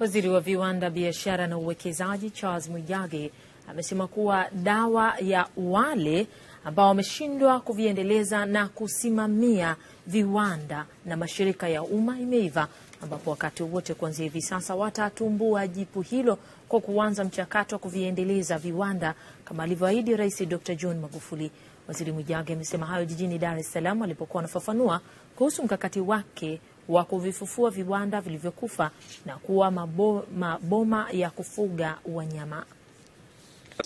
Waziri wa Viwanda, Biashara na Uwekezaji Charles Mwijage amesema kuwa dawa ya wale ambao wameshindwa kuviendeleza na kusimamia viwanda na mashirika ya umma imeiva, ambapo wakati wote kuanzia hivi sasa watatumbua jipu hilo kwa kuanza mchakato wa kuviendeleza viwanda kama alivyoahidi Rais Dr. John Magufuli. Waziri Mwijage amesema hayo jijini Dar es Salaam alipokuwa anafafanua kuhusu mkakati wake wa kuvifufua viwanda vilivyokufa na kuwa mabo, maboma ya kufuga wanyama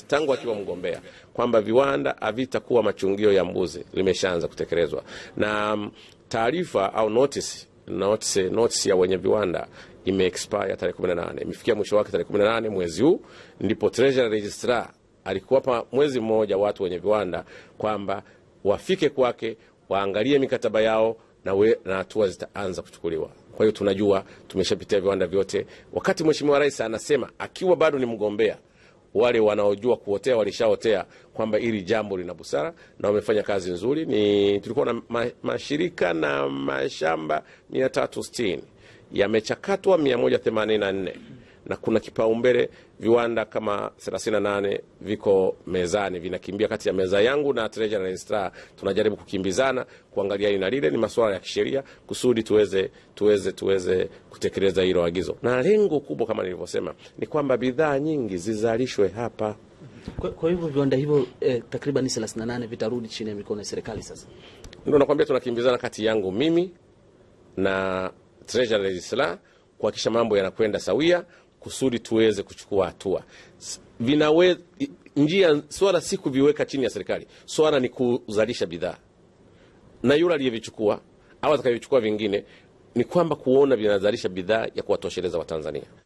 tangu akiwa mgombea kwamba viwanda havitakuwa machungio ya mbuzi limeshaanza kutekelezwa, na mm, taarifa au notice, notice, notice ya wenye viwanda imeexpire tarehe 18, imefikia mwisho wake tarehe 18 mwezi huu, ndipo treasury registrar alikuwapa mwezi mmoja watu wenye viwanda kwamba wafike kwake waangalie mikataba yao na hatua zitaanza kuchukuliwa. Kwa hiyo tunajua tumeshapitia viwanda vyote. Wakati Mheshimiwa Rais anasema akiwa bado ni mgombea, wale wanaojua kuotea walishaotea kwamba hili jambo lina busara na wamefanya kazi nzuri. Ni tulikuwa na ma, mashirika na mashamba mia tatu sitini yamechakatwa mia moja themanini na nne na kuna kipaumbele. Viwanda kama 38 viko mezani, vinakimbia kati ya meza yangu na Treasury and Star. Tunajaribu kukimbizana kuangalia hili na lile, ni masuala ya kisheria kusudi tuweze tuweze tuweze kutekeleza hilo agizo, na lengo kubwa kama nilivyosema ni kwamba bidhaa nyingi zizalishwe hapa. Kwa, kwa hivyo viwanda hivyo eh, takriban 38 vitarudi chini ya mikono ya serikali. Sasa ndio nakwambia tunakimbizana kati yangu mimi na Treasury registrar Star kuhakikisha mambo yanakwenda sawia kusudi tuweze kuchukua hatua vinawe njia. Swala si kuviweka chini ya serikali, swala ni kuzalisha bidhaa, na yule aliyevichukua au atakayochukua vingine, ni kwamba kuona vinazalisha bidhaa ya kuwatosheleza Watanzania.